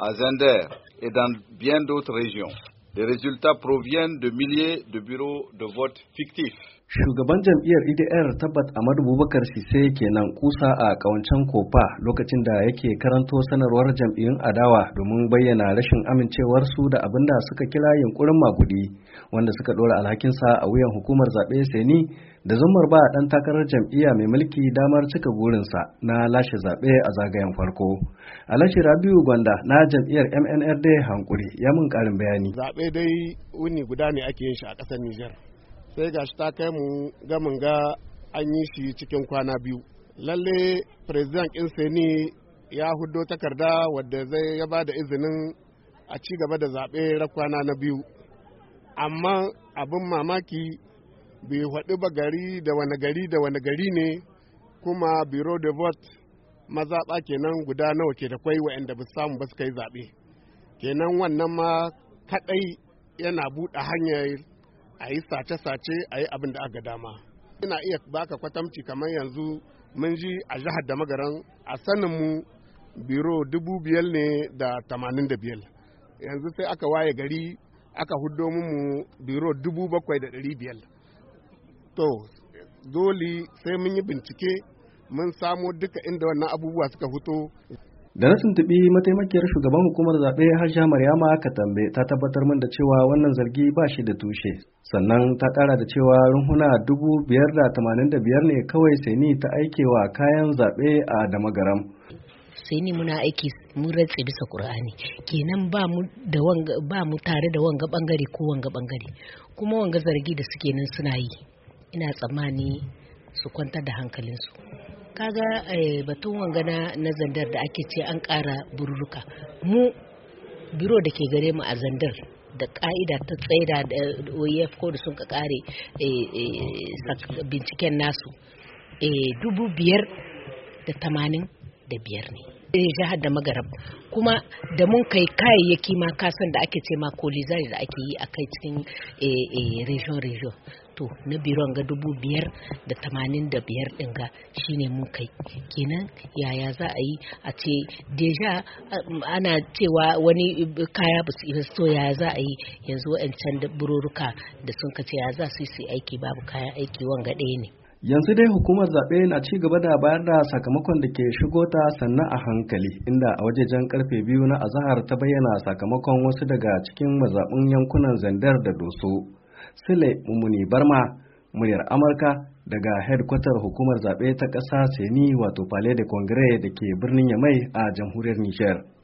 à Zender et dans bien d'autres régions. Les résultats proviennent de milliers de bureaux de vote fictifs. Shugaban jam'iyyar IDR e tabbat Ahmadu Bubakar Sise kenan kusa a kawancen kofa lokacin da yake karanto sanarwar jam'iyyun adawa domin bayyana rashin amincewar su da abin da suka kira yunkurin magudi wanda suka dora alhakinsa a wuyan hukumar zaɓe Seni da zumar ba ɗan takarar jam'iyya mai mulki damar cika burinsa na lashe zaɓe a zagayen farko. a lashe Rabiu Gwanda na jam'iyyar MNRD hankuri ya mun ƙarin bayani. Zaɓe dai wuni guda ne ake yin shi a ƙasar Nijar. Sai ga shi ta kai mu mun ga an yi shi cikin kwana biyu. Lalle President sani ya hudo takarda wadda zai ya ba da izinin a ci gaba da zaɓe kwana na biyu. Amma abin mamaki bai haɗu ba gari da wani gari da wani gari ne kuma biro de vote mazaɓa kenan guda nawa ke da kwai waɗanda ba samu ba suka yi zaɓe kenan wannan ma kaɗai yana buɗe hanyar a yi sace-sace a yi abin da aka dama ina iya baka kwatamci kamar yanzu mun ji a jihar da magaran a sanin mu biro dubu biyar ne da tamanin da biyar yanzu sai aka waye gari aka huddo mu biro dubu bakwai da ɗari biyar to dole sai mun yi bincike mun samo duka inda wannan abubuwa suka fito da na tuntubi mataimakiyar shugaban hukumar zaɓe hajja maryama katambe ta tabbatar min da cewa wannan zargi ba shi da tushe sannan ta ƙara da cewa runhuna dubu biyar da tamanin da biyar ne kawai Saini ta aikewa kayan zaɓe a damagaram Saini muna aiki mun rantse bisa Kur'ani, kenan ba mu ba mu tare da wanga bangare ko wanga bangare kuma wanga zargi da suke nan suna yi ina tsammani su kwantar da hankalinsu kaga eh, batun wangana na zandar da ake ce an ƙara bururuka mu biro da ke gare mu a zandar da ka'ida ta tsaida da oef ko da sun ka kare eh, eh, binciken nasu dubu biyar da tamanin da biyar ne jihar eh, da magarab kuma da mun kai kayayyaki ma kasan da ake ce ma kolizari da ake yi a kai cikin eh, eh, region region to na biron ga dubu biyar da tamanin da biyar ɗin ga shine mun kai kenan yaya za a yi a ce deja ana cewa wani kaya ba su iya so yaya za a yi yanzu wa'ancan da bururuka da sun kace ya za su yi aiki babu kayan aiki wanga ɗaya ne Yanzu dai hukumar zaɓe na ci gaba da bayar da sakamakon da ke shigo ta sannan a hankali inda a wajejen karfe biyu na azahar ta bayyana sakamakon wasu daga cikin mazaɓin yankunan zandar da doso. Sile Mumuni Barma, muryar Amurka daga hedkwatar hukumar zaɓe ta ƙasa Seni wato Palais de Congrès da ke birnin Yamai a jamhuriyar Nijar.